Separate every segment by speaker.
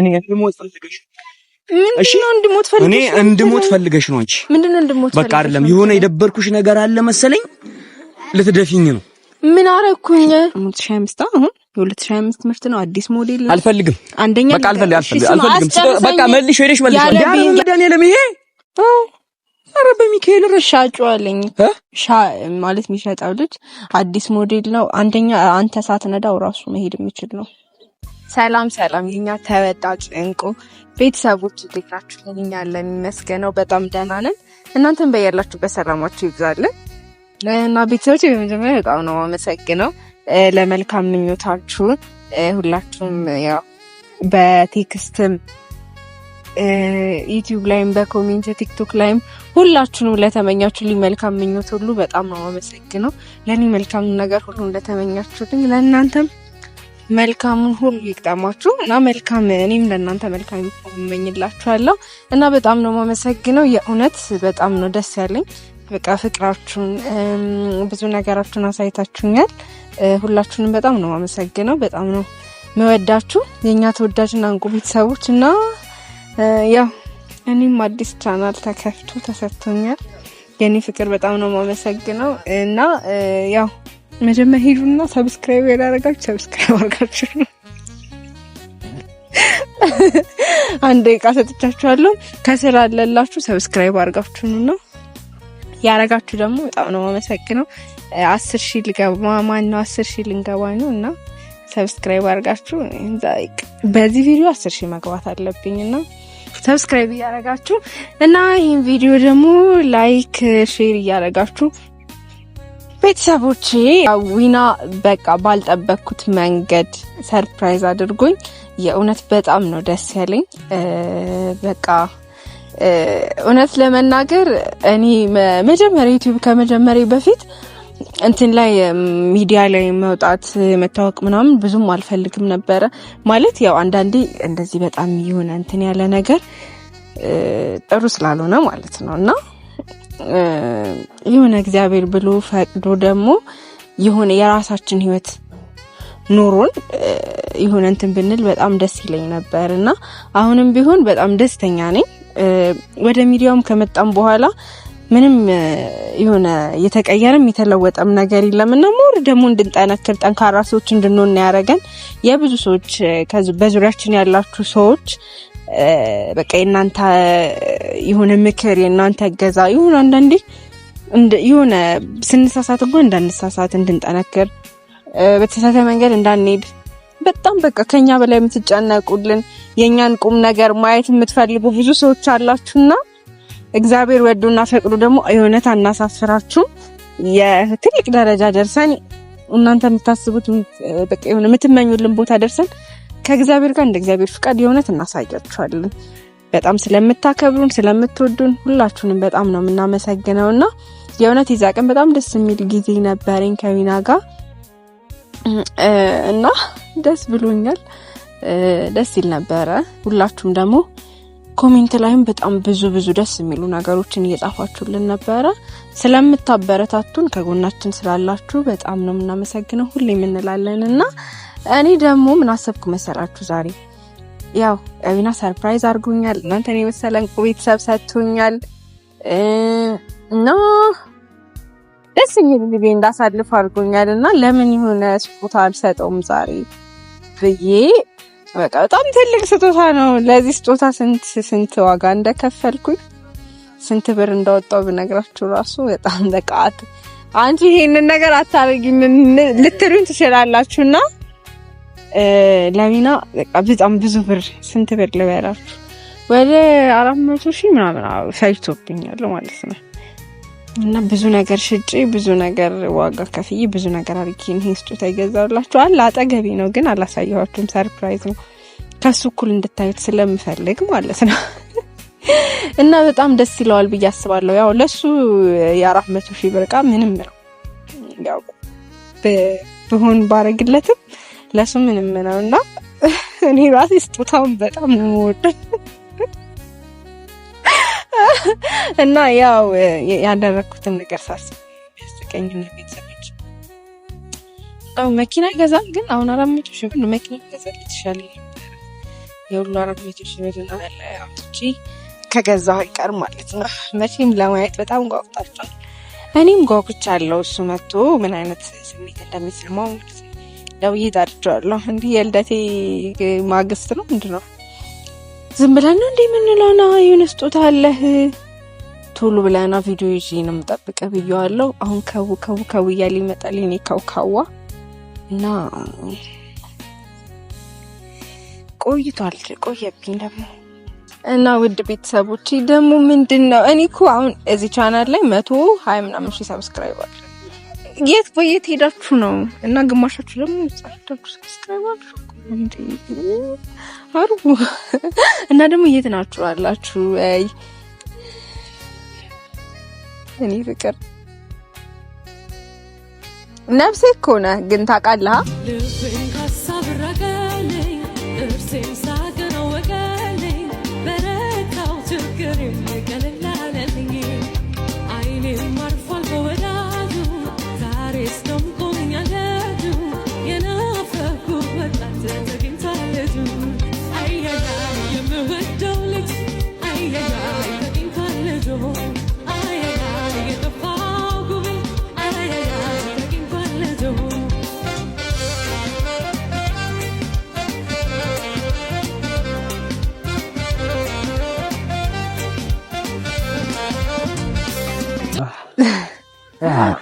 Speaker 1: እኔ እንድሞት ፈልገሽ ነው እንድሞት ፈልገሽ ነው።
Speaker 2: እንድሞት ፈልገሽ?
Speaker 1: በቃ አይደለም የሆነ የደበርኩሽ ነገር አለ መሰለኝ። ልትደፊኝ ነው።
Speaker 2: ምን አረኩኝ? 2025 አሁን የ2025 ምርት ነው። አዲስ ሞዴል
Speaker 1: ነው። አልፈልግም። አንደኛ በቃ አልፈልግም፣ አልፈልግም። በቃ መልሽ፣ ሄደሽ መልሽ። ይሄ
Speaker 2: በሚካኤል አለኝ ማለት የሚሸጠው ልጅ አዲስ ሞዴል ነው። አንደኛ አንተ ሳትነዳው ራሱ መሄድ የሚችል ነው። ሰላም ሰላም የኛ ተወዳጅ እንቁ ቤተሰቦች እንዴት ናችሁ? እኛ ያለን የሚመስገነው በጣም ደህና ነን። እናንተም በያላችሁበት ሰላማችሁ ይብዛልን እና ቤተሰቦች በመጀመሪያ በጣም ነው አመሰግነው ለመልካም ምኞታችሁ ሁላችሁም ያው በቴክስትም ዩቲዩብ ላይም በኮሜንት ቲክቶክ ላይም ሁላችሁንም ለተመኛችሁልኝ መልካም ምኞት ሁሉ በጣም ነው አመሰግነው። ለእኔ መልካም ነገር ሁሉ ለተመኛችሁልኝ ለእናንተም መልካሙን ሁሉ ይግጠማችሁ እና መልካም እኔም ለእናንተ መልካም እመኝላችኋለሁ እና በጣም ነው የማመሰግነው። የእውነት በጣም ነው ደስ ያለኝ። በቃ ፍቅራችሁን፣ ብዙ ነገራችሁን አሳይታችሁኛል። ሁላችሁንም በጣም ነው የማመሰግነው። በጣም ነው መወዳችሁ የእኛ ተወዳጅና እንቁ ቤተሰቦች እና ያው እኔም አዲስ ቻናል ተከፍቶ ተሰጥቶኛል። የእኔ ፍቅር በጣም ነው የማመሰግነው እና ያው መጀመር ሄዱና ሰብስክራይብ ያላረጋችሁ ሰብስክራይብ አርጋችሁ አንድ ደቂቃ ሰጥቻችኋለሁ። ከስር አለላችሁ ሰብስክራይብ አርጋችሁ ነው ያረጋችሁ ደግሞ በጣም ነው የማመሰግነው። አስር ሺህ ልገባ ማን ነው አስር ሺህ ልንገባ ነው እና ሰብስክራይብ አርጋችሁ በዚህ ቪዲዮ አስር ሺህ መግባት አለብኝ እና ሰብስክራይብ እያረጋችሁ እና ይህን ቪዲዮ ደግሞ ላይክ ሼር እያረጋችሁ ቤተሰቦቼ ዊና በቃ ባልጠበቅኩት መንገድ ሰርፕራይዝ አድርጎኝ የእውነት በጣም ነው ደስ ያለኝ። በቃ እውነት ለመናገር እኔ መጀመሪያ ዩቲዩብ ከመጀመሪያ በፊት እንትን ላይ ሚዲያ ላይ መውጣት መታወቅ ምናምን ብዙም አልፈልግም ነበረ። ማለት ያው አንዳንዴ እንደዚህ በጣም የሆነ እንትን ያለ ነገር ጥሩ ስላልሆነ ማለት ነው እና የሆነ እግዚአብሔር ብሎ ፈቅዶ ደግሞ የሆነ የራሳችን ህይወት ኑሮን የሆነ እንትን ብንል በጣም ደስ ይለኝ ነበር እና አሁንም ቢሆን በጣም ደስተኛ ነኝ። ወደ ሚዲያውም ከመጣም በኋላ ምንም የሆነ የተቀየረም የተለወጠም ነገር የለም እና ሞር ደግሞ እንድንጠነክር ጠንካራ ሰዎች እንድንሆን ያደረገን የብዙ ሰዎች በዙሪያችን ያላችሁ ሰዎች በቃ የእናንተ የሆነ ምክር የእናንተ እገዛ ይሁን አንዳንዴ የሆነ ስንሳሳት እንኳ እንዳንሳሳት እንድንጠነክር በተሳተ መንገድ እንዳንሄድ በጣም በቃ ከኛ በላይ የምትጨነቁልን የእኛን ቁም ነገር ማየት የምትፈልጉ ብዙ ሰዎች አላችሁና እግዚአብሔር ወዶና ፈቅዶ ደግሞ የእውነት አናሳፍራችሁ የትልቅ ደረጃ ደርሰን እናንተ የምታስቡት በቃ የሆነ የምትመኙልን ቦታ ደርሰን ከእግዚአብሔር ጋር እንደ እግዚአብሔር ፍቃድ የእውነት እናሳያችኋለን። በጣም ስለምታከብሩን ስለምትወዱን ሁላችሁንም በጣም ነው የምናመሰግነው እና የእውነት የዛ ቀን በጣም ደስ የሚል ጊዜ ነበረኝ ከዊና ጋር እና ደስ ብሎኛል። ደስ ይል ነበረ። ሁላችሁም ደግሞ ኮሜንት ላይም በጣም ብዙ ብዙ ደስ የሚሉ ነገሮችን እየጻፋችሁልን ነበረ። ስለምታበረታቱን ከጎናችን ስላላችሁ በጣም ነው የምናመሰግነው ሁሌ የምንላለን እና እኔ ደግሞ ምን አሰብኩ መሰላችሁ? ዛሬ ያው ዊና ሰርፕራይዝ አድርጎኛል። እናንተን የመሰለ እንቁ ቤተሰብ ሰጥቶኛል እና ደስ የሚል ጊዜ እንዳሳልፍ አድርጎኛል እና ለምን የሆነ ስጦታ አልሰጠውም ዛሬ ብዬ በቃ በጣም ትልቅ ስጦታ ነው። ለዚህ ስጦታ ስንት ስንት ዋጋ እንደከፈልኩኝ ስንት ብር እንዳወጣው ብነግራችሁ ራሱ በጣም በቃ አንቺ ይሄንን ነገር አታደርጊም ልትሉኝ ትችላላችሁና ለሚና በጣም ብዙ ብር ስንት ብር ልበላችሁ ወደ አራት መቶ ሺህ ምናምን ፈጅቶብኛል ማለት ነው። እና ብዙ ነገር ሽጬ ብዙ ነገር ዋጋ ከፍዬ ብዙ ነገር አድርጌ ይህን ስጦታ አለ አጠገቢ ነው ግን አላሳየኋችሁም። ሰርፕራይዝ ነው ከሱ እኩል እንድታዩት ስለምፈልግ ማለት ነው። እና በጣም ደስ ይለዋል ብዬ አስባለሁ። ያው ለሱ የአራት መቶ ሺህ ብር ምንም ነው ያው ብሆን ባረግለትም ለሱ ምንም ነው እና እኔ ራሴ ስጦታውን በጣም ነው የምወደው እና ያው ያደረኩትን ነገር ሳስብ ያስቀኝ ነው። ቤተሰቦች አው መኪና ገዛ ግን አሁን አራት መቶ ሺህ ብር መኪና ገዛ ይችላል የሁሉ አራት መቶ ሺህ ብር ያለ አውጥቼ ከገዛ አይቀር ማለት ነው። መቼም ለማየት በጣም ጓጉታችኋል፣ እኔም ጓጉቻለሁ። እሱ መጥቶ ምን አይነት ስሜት እንደሚሰማው ማለት ነው ደውዬ ዳርቼዋለሁ። እንዲህ የልደቴ ማግስት ነው ምንድን ነው ዝም ብለን ነው እንዴ የምንለው ነው የሆነ ስጦታ አለህ ቶሎ ብለና ቪዲዮ ይዤ ነው የምጠብቅህ አሁን ከው ከው ከው እያለ ይመጣል የኔ ከውካዋ እና ቆይቷል፣ ቆየብኝ ደግሞ እና ውድ ቤተሰቦቼ ደግሞ ምንድን ነው እኔ እኮ አሁን እዚህ ቻናል ላይ መቶ ሀያ ምናምን ሺህ የት በየት ሄዳችሁ ነው? እና ግማሻችሁ ደግሞ ጻፍታችሁ ሰብስክራይብ አድርጉ። እና ደግሞ የት ናችሁ አላችሁ? አይ እኔ ፍቅር ነፍሴ እኮ ነህ ግን ታውቃለህ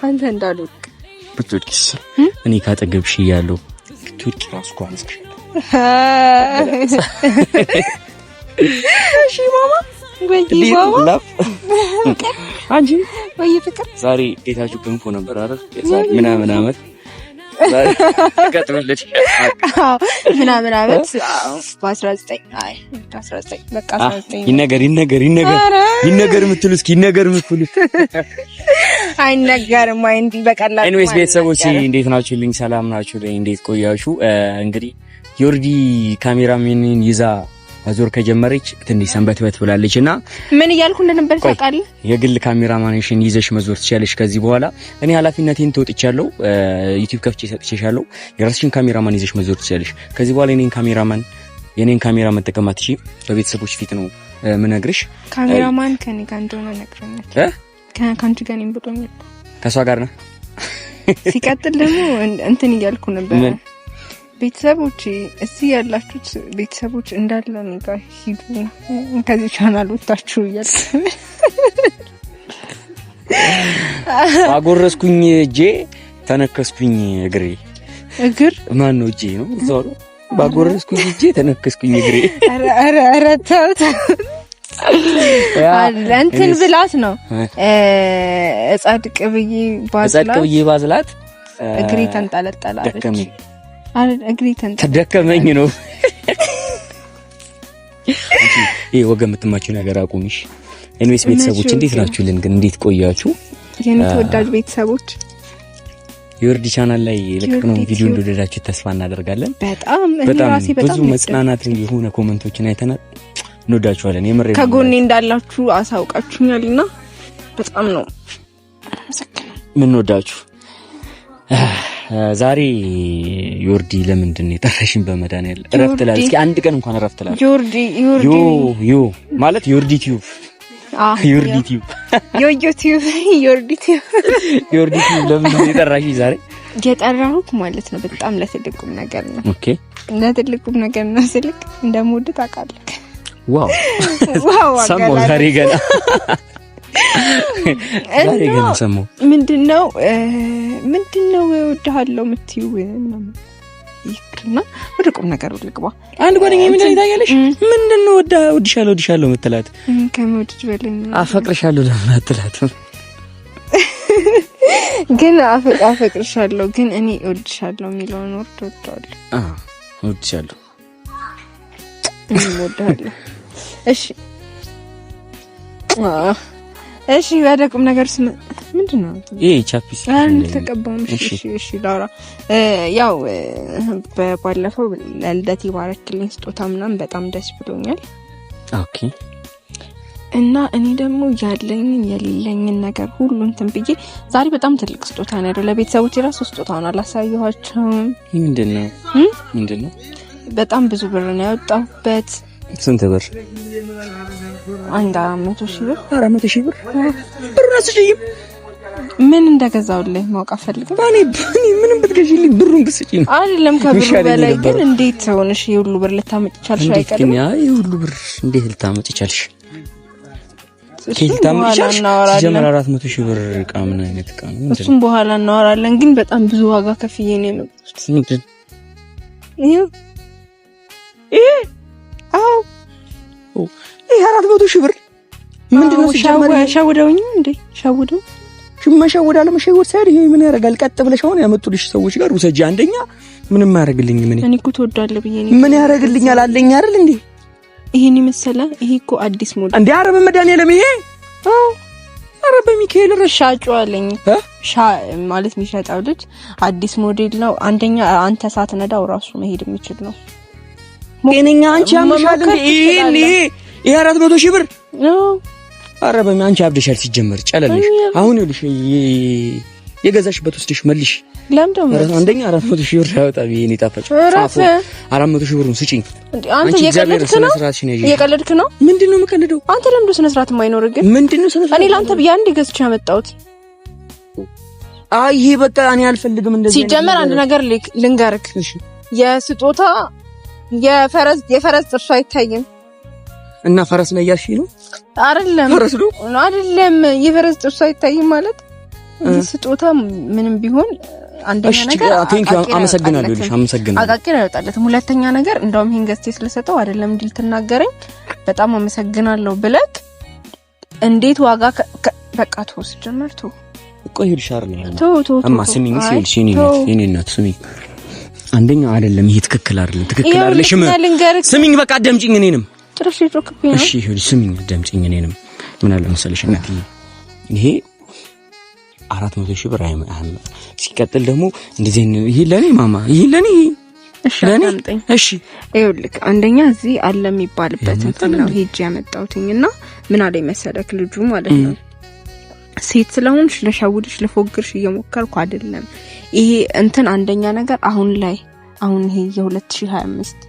Speaker 2: አንተ እንዳሉት
Speaker 1: ብትወድቂስ እኔ ካጠገብሽ እያለሁ ብትወድቂ ራሱ እኮ
Speaker 2: እሺ ማማ አንቺ ወይ ፍቅር
Speaker 1: ዛሬ ቤታችሁ ገንፎ ነበር አይደል? ዛሬ ምናምን አመት
Speaker 2: ቀጥሎልሽ ምናምን አመት በአስራ ዘጠኝ
Speaker 1: ይነገር ይነገር ይነገር ይነገር የምትሉ እስኪ ይነገር የምትሉ
Speaker 2: አይነገርም። አይ እንዲህ በቀላሉ
Speaker 1: ኤኒዌይስ፣ ቤተሰቦች እንዴት ናችሁ? ልኝ ሰላም ናችሁ? ላይ እንዴት ቆያችሁ? እንግዲህ ዮርዲ ካሜራሜንን ይዛ መዞር ከጀመረች ትንሽ ሰንበት በት ብላለች እና
Speaker 2: ምን እያልኩ እንደነበር ታውቃለህ?
Speaker 1: የግል ካሜራማንሽን ይዘሽ መዞር ትችያለሽ ከዚህ በኋላ እኔ ኃላፊነቴን ተወጥቻለሁ። ዩቲዩብ ከፍቼ ሰጥቼሻለሁ። የራስሽን ካሜራማን ይዘሽ መዞር ትችያለሽ ከዚህ በኋላ የኔን ካሜራማን የኔን ካሜራ መጠቀም አትችይም። በቤተሰቦች ፊት ነው ምነግርሽ።
Speaker 2: ካሜራማን ከኔ ጋር እንደሆነ ነግረኛል። ከአንቺ ጋር ነው ብሎኛል። ከእሷ ጋር ነው። ሲቀጥል ደግሞ እንትን እያልኩ ነበር ቤተሰቦች እዚህ ያላችሁት ቤተሰቦች እንዳለ እኔ ጋር ሂዱ፣ ከዚህ ቻናል ወታችሁ እያልኩ
Speaker 1: አጎረስኩኝ። እጄ ተነከስኩኝ፣ እግሬ እግር ማን ነው? እጄ ነው። እዛው ባጎረስኩኝ እጄ ተነከስኩኝ፣ እግሬ
Speaker 2: ኧረ ኧረ ተው እንትን ብላት ነው እጻድቅ ብዬ ባዝላት ብዬ ባዝላት እግሬ ተንጠለጠለ ደከመኝ። እግሬ
Speaker 1: ተንጠለጠለ ነው። ይሄ ወገን የምትማችሁ ነገር አቁሚሽ። ኤንዌስ ቤተሰቦች እንዴት ናችሁልን? ግን እንዴት ቆያችሁ?
Speaker 2: የኔ ተወዳጅ ቤተሰቦች
Speaker 1: የወርድ ቻናል ላይ የለቀቅነው ቪዲዮ እንደወደዳችሁ ተስፋ እናደርጋለን። በጣም በጣም ብዙ መጽናናት የሆነ ኮመንቶችን አይተናል። እንወዳችኋለን።
Speaker 2: የምሬ ከጎኔ እንዳላችሁ አሳውቃችሁኛል እና በጣም ነው
Speaker 1: ምንወዳችሁ። ዛሬ ዮርዲ ለምንድን ነው የጠራሽን? በመድኃኒዓለም እረፍት ላል እስኪ አንድ ቀን እንኳን እረፍት ላል
Speaker 2: ዮርዲ ዮርዲ
Speaker 1: ዮ ማለት ዮርዲ ቲዩብ ዮርዲ ቲዩብ
Speaker 2: ዮዮ ቲዩብ ዮርዲ ቲዩብ
Speaker 1: ዮርዲ ቲዩብ ለምንድን ነው የጠራሽኝ ዛሬ?
Speaker 2: የጠራሁት ማለት ነው በጣም ለትልቁም ነገር ነው። ኦኬ ለትልቁም ነገር ነው ስልክ እንደምወድ ታውቃለህ።
Speaker 1: ዋው ዋው ሰማሁ ዛሬ ገና ዛሬ ገና ሰማሁ።
Speaker 2: ምንድነው ምንድነው እወድሃለሁ የምትይው ይቅርና ወደ ቁም ነገር ልግባ።
Speaker 1: አንድ ጓደኛዬ ምን ታያለሽ? ምንድነው ወዳ ወድሻለሁ ወድሻለሁ የምትላት
Speaker 2: ከመውደድ በለኝ
Speaker 1: አፈቅርሻለሁ ለምን አትላትም?
Speaker 2: ግን አፈቅርሻለሁ ግን እኔ እወድሻለሁ የሚለውን ወርድ ወደዋለሁ። እወድሻለሁ እኔም እወድሃለሁ እሺ እሺ፣ ወደ ቁም ነገር ስም ምንድን ይሄ? ቻፒስ አልተቀባሁም። እሺ እሺ፣ ላውራ ያው በባለፈው ለልደት ይባረክልኝ ስጦታ ምናምን በጣም ደስ ብሎኛል። ኦኬ። እና እኔ ደግሞ ያለኝን የሌለኝን ነገር ሁሉ እንትን ብዬ ዛሬ በጣም ትልቅ ስጦታ ነው ያለው ለቤተሰቦች የራሱ ስጦታ ነው። አላሳየኋቸውም። ምንድን ምንድነው? ምንድን በጣም ብዙ ብር ነው ያወጣሁበት። ስንት ብር አንድ አራት መቶ ሺህ
Speaker 1: ብር ብር ብሩን አስጭኝም።
Speaker 2: ምን እንደገዛውልህ ማወቅ አፈልግም።
Speaker 1: ባኔ ባኔ ምንም ብትገዢልኝ ብሩን ብትስጪኝ
Speaker 2: አይደለም ከብሩ በላይ ግን፣ እንዴት ሆነሽ የሁሉ ብር ልታመጭ ቻልሽ?
Speaker 1: አይቀርም ግን ያ የሁሉ ብር እንዴት ልታመጭ ቻልሽ? ሲጀመር አራት መቶ ሺህ ብር ዕቃ ምን አይነት
Speaker 2: እሱም በኋላ እናወራለን። ግን በጣም ብዙ ዋጋ ከፍዬ ነው የመጡት። ምንድን ይሄ ይሄ አዎ
Speaker 1: ይሄ አራት መቶ ሺህ ብር
Speaker 2: ምንድነው? ነው? ሸውደውኝ እንዴ? ሸውደው
Speaker 1: መሸወድ አለመሸወድ ሳይሆን ይሄ ምን ያደርጋል? ቀጥ ብለሽ አሁን ያመጡልሽ ሰዎች ጋር ውሰጂ። አንደኛ ምንም አያደርግልኝ። ምን
Speaker 2: እኔ እኮ ትወዳለህ ብዬ ነው።
Speaker 1: ምን ያደርግልኛል አለኝ አይደል እንዴ?
Speaker 2: ይሄን ይመሰላ። ይሄ እኮ አዲስ ሞዴል
Speaker 1: እንዴ! ኧረ በመድኃኒዓለም ይሄ
Speaker 2: አዎ ኧረ በሚካኤል ሻጩ አለኝ ሻ ማለት የሚሸጠው ልጅ አዲስ ሞዴል ነው። አንደኛ አንተ ሳትነዳው ራሱ መሄድ የሚችል ነው።
Speaker 1: ጤነኛ አንቺ ያመሻል እንዴ? ይሄ ይሄ አራት መቶ ሺህ ብር አረ በሚ አንቺ አብደሻል። ሲጀመር ጨለልሽ። አሁን ይኸውልሽ የገዛሽበት ወስደሽ መልሽ። አንደኛ አራት መቶ ሺህ ብር ያወጣል። ይሄን የጣፈጭ አራት መቶ ሺህ ብሩን ስጪኝ።
Speaker 2: አንተ የቀለድክ ነው የቀለድክ ነው።
Speaker 1: ምንድን ነው የምቀልደው?
Speaker 2: አንተ ለምዶ ስነ ስርዓት የማይኖር ግን ምንድን ነው ስነ ስርዓት? እኔ ለአንተ ብዬ አንዴ ገዝቼ ያመጣሁት
Speaker 1: አይ ይሄ በቃ እኔ አልፈልግም።
Speaker 2: እንደዚህ ሲጀመር አንድ ነገር ልንገርክ፣ የስጦታ የፈረስ የፈረስ ጥርሱ አይታይም
Speaker 1: እና ፈረስ ነው እያልሽ ነው? አይደለም ፈረስ ነው
Speaker 2: አይደለም። የፈረስ ጥርሱ አይታይም ማለት ስጦታ ምንም ቢሆን
Speaker 1: አንደኛ ነገር
Speaker 2: ሁለተኛ ነገር እንደውም ይሄን ገዝቼ ስለሰጠው አይደለም እንዲል ትናገረኝ። በጣም አመሰግናለሁ ብለክ እንዴት ዋጋ በቃ ተወስ ጀመርቱ
Speaker 1: እኮ ይልሽ አይደለም ቶ ቶ አማ ስሚኝ ሲል ሲኒ ሲኒ እናት ስሚ አንደኛ አይደለም ይሄ ትክክል አይደለም። ትክክል አይደለም። ስሚኝ በቃ አዳምጪኝ እኔንም ጭራሽ የጮክብ ነው። እሺ ይሁን፣ ስሚኝ፣ ደምጪኝ። እኔንም ምን አለ መሰለሽ እናት ይሄ አራት መቶ ሺህ ብር አይመጣም። ሲቀጥል ደግሞ እንደዚህ ይሄ ለኔ ማማ፣ ይሄ ለኔ እሺ፣ እሺ
Speaker 2: ይኸውልህ፣ አንደኛ እዚህ አለ የሚባልበት እንትን ነው ሄጅ ያመጣሁትኝ እና ምን አለ መሰለክ ልጁ ማለት ነው ሴት ስለሆንሽ ልሸውድሽ ልፎግርሽ እየሞከርኩ አይደለም። ይሄ እንትን አንደኛ ነገር አሁን ላይ አሁን ይሄ የ2025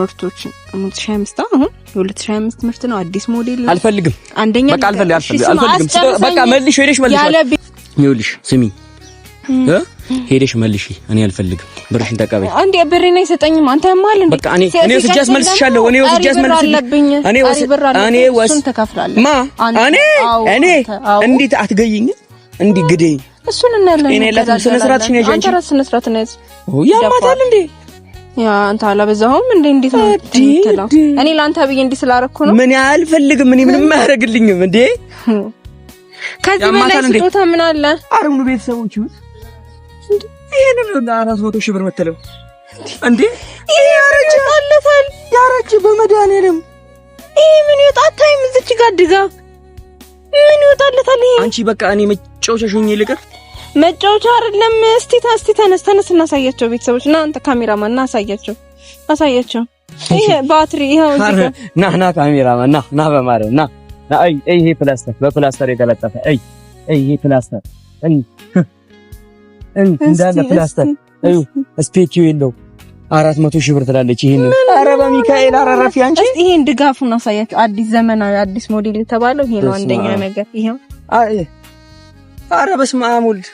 Speaker 2: ምርቶች ሻ አሁን የ2025 ምርት ነው። አዲስ ሞዴል
Speaker 1: አልፈልግም። አንደኛ በቃ አልፈልግም፣ አልፈልግም። በቃ መልሽ፣ ሄደሽ መልሽ። ይኸውልሽ ስሚ ሄደሽ መልሽ። እኔ አልፈልግም። ብርሽን ተቀበይ።
Speaker 2: አንዴ ብሬን አይሰጠኝም። አንተ ያማል እንዴ?
Speaker 1: በቃ እኔ እኔ ወስጄ አስመልስሻለሁ። እኔ ወስጄ አስመልስልኝ። እኔ እኔ ወስ ማ እኔ እኔ እንዴት አትገይኝ? እንዲህ ግዴ
Speaker 2: እሱን እናያለን።
Speaker 1: እኔ ለታስነ ስርዓትሽን ያጃንቺ ያማታል እንዴ?
Speaker 2: ያ አንተ አላበዛሁም እንዴ? እንዴት ነው የምትለው? እኔ ለአንተ ብዬ እንዲህ ስላደረኩ ነው።
Speaker 1: ምን ያህል ፈልግም እኔ ምንም አያደርግልኝም እንዴ?
Speaker 2: ከዚህ በላይ ስጦታ ምን አለ?
Speaker 1: ኧረ ሙሉ ቤተሰቦች ይሄንን አራት መቶ ሺህ ብር መተለው እንዴ?
Speaker 2: ይሄ ያረጀ አለታል
Speaker 1: ያረጀ በመድኃኒዓለም
Speaker 2: ይሄ ምን ይወጣታይም እዚች ጋር ድጋ ምን ይወጣለታል? ይሄ
Speaker 1: አንቺ በቃ እኔ መጫወቻሽ ሆኜ ልቀር
Speaker 2: መጫወቻ አይደለም። እስቲ እስቲ ተነስ ተነስ፣ እናሳያቸው ቤተሰቦች እና አንተ ካሜራማን እናሳያቸው፣ አሳያቸው። ይሄ ባትሪ ይሄው እዚህ
Speaker 1: ና ና፣ ካሜራማን ና ና፣ በማርያም ና ና። አይ አይ፣ ይሄ ፕላስተር በፕላስተር የተለጠፈ አይ አይ፣ ይሄ ፕላስተር እን እን እንዳለ ፕላስተር አዩ ስፔክ የለውም። አራት መቶ ሺህ ብር ትላለች። ይሄን
Speaker 2: ኧረ በሚካኤል ኧረ አንቺ እስቲ ይሄን ድጋፉን አሳያቸው። አዲስ ዘመናዊ አዲስ ሞዴል የተባለው ይሄ ነው። አንደኛ ነገር ይሄው።
Speaker 1: አይ ኧረ በስመ አብ ወልድ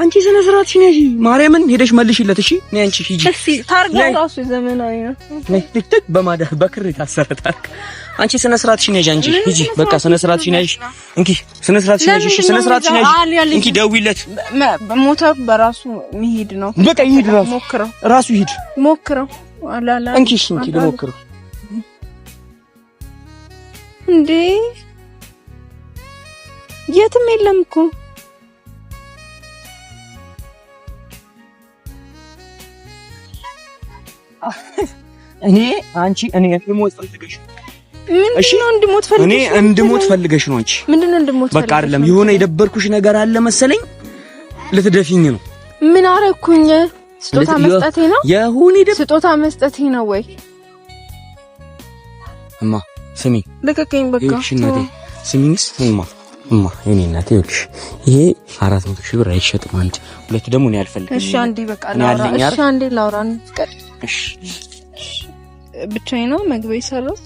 Speaker 1: አንቺ ስነ ሽን ያዢ። ማርያምን ሄደሽ መልሽለት። እሺ ነይ አንቺ
Speaker 2: ሂጂ። እሺ ታርጋው ራሱ ዘመናዊ ነው።
Speaker 1: ነይ ትክትክ በማዳ በክር የታሰረ ታርግ። አንቺ ስነ ሽን ያዢ አንቺ ሂጂ። በቃ ስነ ሽን ያዢ። እንኪ ስነ ሽን ያዢ። እሺ ስነ ሽን ያዢ። እንኪ ደውይለት።
Speaker 2: ሞተ በራሱ ይሄድ ነው። በቃ ይሄድ ራሱ ሞክረው፣ ራሱ ይሄድ ሞክረው።
Speaker 1: አላላ እንኪ እሺ፣ እንኪ ልሞክረው
Speaker 2: እንዴ የትም የለም እኮ
Speaker 1: እኔ አንቺ እኔ እንድሞት ፈልገሽ
Speaker 2: እሺ፣ እንድሞት ፈልገሽ
Speaker 1: እኔ እንድሞት ፈልገሽ ነው። አንቺ ምንድነው እንድሞት በቃ አይደለም የሆነ የደበርኩሽ ነገር አለ መሰለኝ። ልትደፊኝ ነው።
Speaker 2: ምን አረኩኝ? ስጦታ መስጠቴ ነው።
Speaker 1: የሁን ይደብ
Speaker 2: ስጦታ መስጠቴ ነው ወይ?
Speaker 1: እማ ስሚ፣ ልቀቀኝ። በቃ እሺ፣ እናቴ ስሚኝስ እማ እማ የእኔ እናቴ ይኸውልሽ፣ ይሄ አራት መቶ ሺህ ብር አይሸጥም። አንድ ሁለት ደግሞ እኔ አልፈልግም።
Speaker 2: እሺ፣ አንዴ በቃ ላውራ። እሺ፣ አንዴ ላውራ። ብቻዬን ነው መግቢያ የሰራሁት።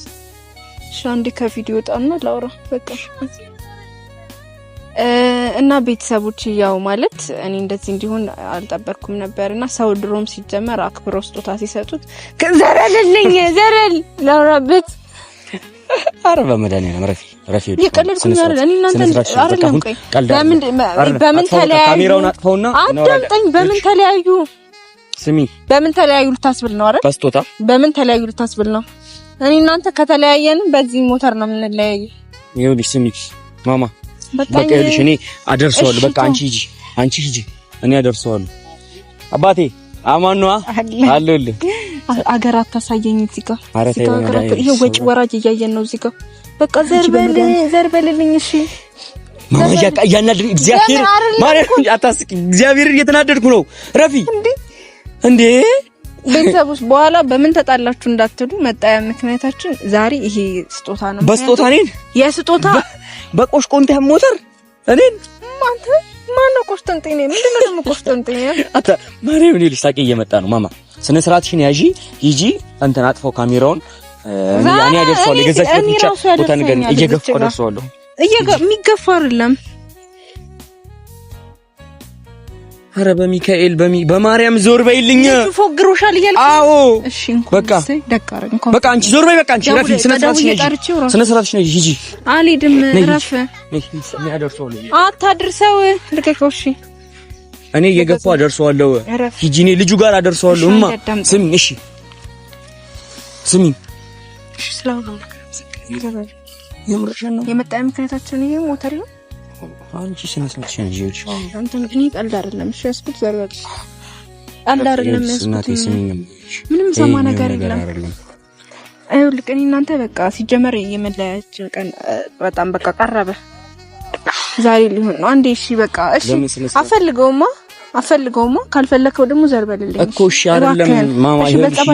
Speaker 2: እሺ፣ አንዴ ከፊት ይወጣና ላውራ በቃ እና ቤተሰቦች ያው ማለት እኔ እንደዚህ እንዲሆን አልጠበቅኩም ነበር። እና ሰው ድሮም ሲጀመር አክብሮ ስጦታ ሲሰጡት ዘረልልኝ ዘረል ላውራበት።
Speaker 1: አረ በመድኃኒዓለም ረፊ ረፊ
Speaker 2: ይቀልልኩኝ። አረ
Speaker 1: እኔ እናንተ አረ ለምን
Speaker 2: በምን በምን ተለያዩ? አዳምጠኝ። በምን ተለያዩ? ስሚ፣ በምን ተለያዩ ልታስብል ነው? አረ ፈስቶታ። በምን ተለያዩ ልታስብል ነው? እኔ እናንተ ከተለያየን በዚህ ሞተር ነው የምንለያየው።
Speaker 1: ይኸውልሽ፣ ስሚ ማማ፣ በቃ ይኸውልሽ፣ እኔ አደርሰዋለሁ። በቃ አንቺ ሂጂ፣ አንቺ ሂጂ፣ እኔ አደርሰዋለሁ። አባቴ አማኑ አለሁልህ።
Speaker 2: አገር አታሳየኝ እዚህ ጋር። አረ ተይ፣ ይሄ ወጪ ወራጅ እያየን ነው እዚህ ጋር። በቃ ዘር በል ዘር በልልኝ። እሺ
Speaker 1: ማማ፣ እያናደድኩ እግዚአብሔር ማርያም፣ አታስቂ። እግዚአብሔር እየተናደድኩ ነው ረፊ እንዴ እንዴ
Speaker 2: ቤተሰቦች በኋላ በምን ተጣላችሁ እንዳትሉ መጣያ ምክንያታችን ዛሬ ይሄ ስጦታ
Speaker 1: ነው። በስጦታ እኔን የስጦታ በቆሽቆንጤ ሞተር እኔን
Speaker 2: አንተ ማነው ቆሽቆንጤኔ? ምንድነው ደግሞ ቆሽቆንጤኔ?
Speaker 1: አታ ማርያም ልጅ ሳቂ እየመጣ ነው። ማማ ስነ ስርዓትሽን ያዢ ሂጂ። አንተን አጥፈው ካሜራውን እኔ ያደርሰዋለሁ። የገዛችበት ብቻ ቦታ ነገር እየገፋሁ ደርሰዋለሁ።
Speaker 2: እየገፋ የሚገፋ አይደለም
Speaker 1: አረ በሚካኤል በሚ በማርያም ዞር በይልኝ።
Speaker 2: ፎግሮሻል እያልኩ አዎ፣ እሺ፣ በቃ
Speaker 1: በቃ፣ አንቺ ዞር በይ በቃ። አንቺ ረፊ፣ ስነ ስርዓትሽ ነው። ሂጂ፣
Speaker 2: አልሄድም። ረፍ፣ አታድርሰው፣ ልቀቀው። እሺ፣
Speaker 1: እኔ እየገፋሁ አደርሰዋለሁ። ሂጂ፣ እኔ ልጁ ጋር አደርሰዋለሁ። እማ ስሚ፣ እሺ፣ ስሚ፣ እሺ፣ ስለሆነ
Speaker 2: ነው የምርሽን ነው የመጣ ምክንያታችን ይሄ ሞተር ነው
Speaker 1: አንቺ ስነ ስርዓት ሸንጂ ልጅ
Speaker 2: አንተ እኔ ቀልድ አይደለም። እሺ ያስኩት ዘርበቅ ቀልድ አይደለም ያስኩት። ምንም ሰማ ነገር የለም። ይኸውልህ እኔ እናንተ በቃ ሲጀመር የመለያችን ቀን በጣም በቃ ቀረበ። ዛሬ ሊሆን ነው አንዴ። እሺ በቃ እሺ፣ አፈልገውማ አፈልገውማ ካልፈለከው ደግሞ ዘርበልልኝ
Speaker 1: እኮ እሺ። አይደለም ማማ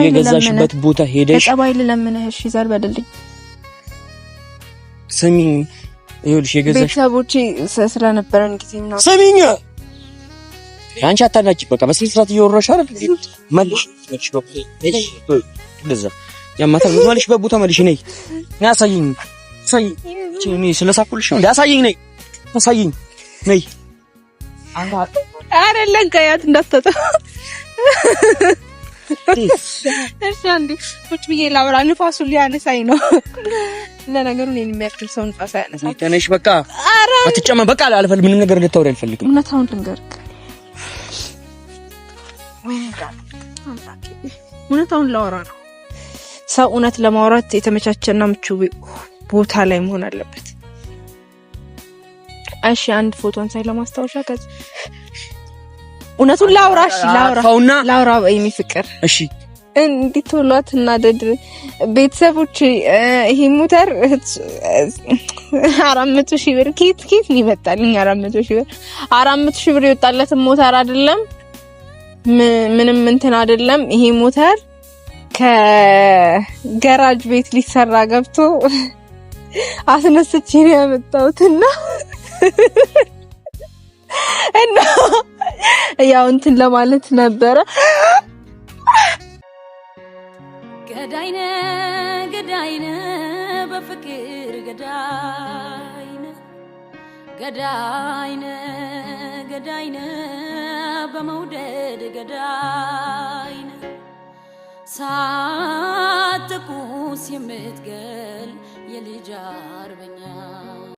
Speaker 1: የገዛሽበት ቦታ ሄደሽ
Speaker 2: በጠባይ ልለምንህ እሺ፣ ዘርበልልኝ
Speaker 1: ስሚኝ ይኸውልሽ የገዛሽ
Speaker 2: ቤተሰቦቼ ስለነበረን ጊዜ
Speaker 1: ነው። ሰሚኛ አንቺ አታናጭ፣ በቃ በስነ ስርዓት እየወራሽ አይደል? መልሽ መልሽ በቦታ ነይ ስለሳኩልሽ ነው ነይ ነይ
Speaker 2: አንተ እሺ አንዴ ቁጭ ብዬ ላውራ። ንፋሱ ሊያነሳኝ ነው። ለነገሩ እኔን የሚያክል ሰው ንፋስ አያነሳም።
Speaker 1: ተነሽ፣ በቃ አትጨመ በቃ አልፈልግም፣ ምንም ነገር ልታወሪ አልፈልግም።
Speaker 2: እውነታውን ልንገርህ፣ እውነታውን ላወራ ነው። ሰው እውነት ለማውራት የተመቻቸና ምቹ ቦታ ላይ መሆን አለበት። እሺ አንድ ፎቶን ሳይ ለማስታወሻ እውነቱን ላውራሽ ላውራውና ላውራ የሚ ፍቅር እሺ፣ እንዴት ቶሏት እናደድ ቤተሰቦች ይሄ ሞተር አራት መቶ ሺህ ብር ኬት ኬት ይመጣልኝ። አራት መቶ ሺህ ብር አራት መቶ ሺህ ብር የወጣለትን ሞተር አይደለም ምንም እንትን አይደለም። ይሄ ሞተር ከገራጅ ቤት ሊሰራ ገብቶ አስነስቼ ነው ያመጣሁትና እና ያው እንትን ለማለት ነበረ። ገዳይነ ገዳይነ በፍቅር ገዳይነ ገዳይነ ገዳይነ በመውደድ ገዳይነ ሳትኩስ የምትገል የልጅ አርበኛ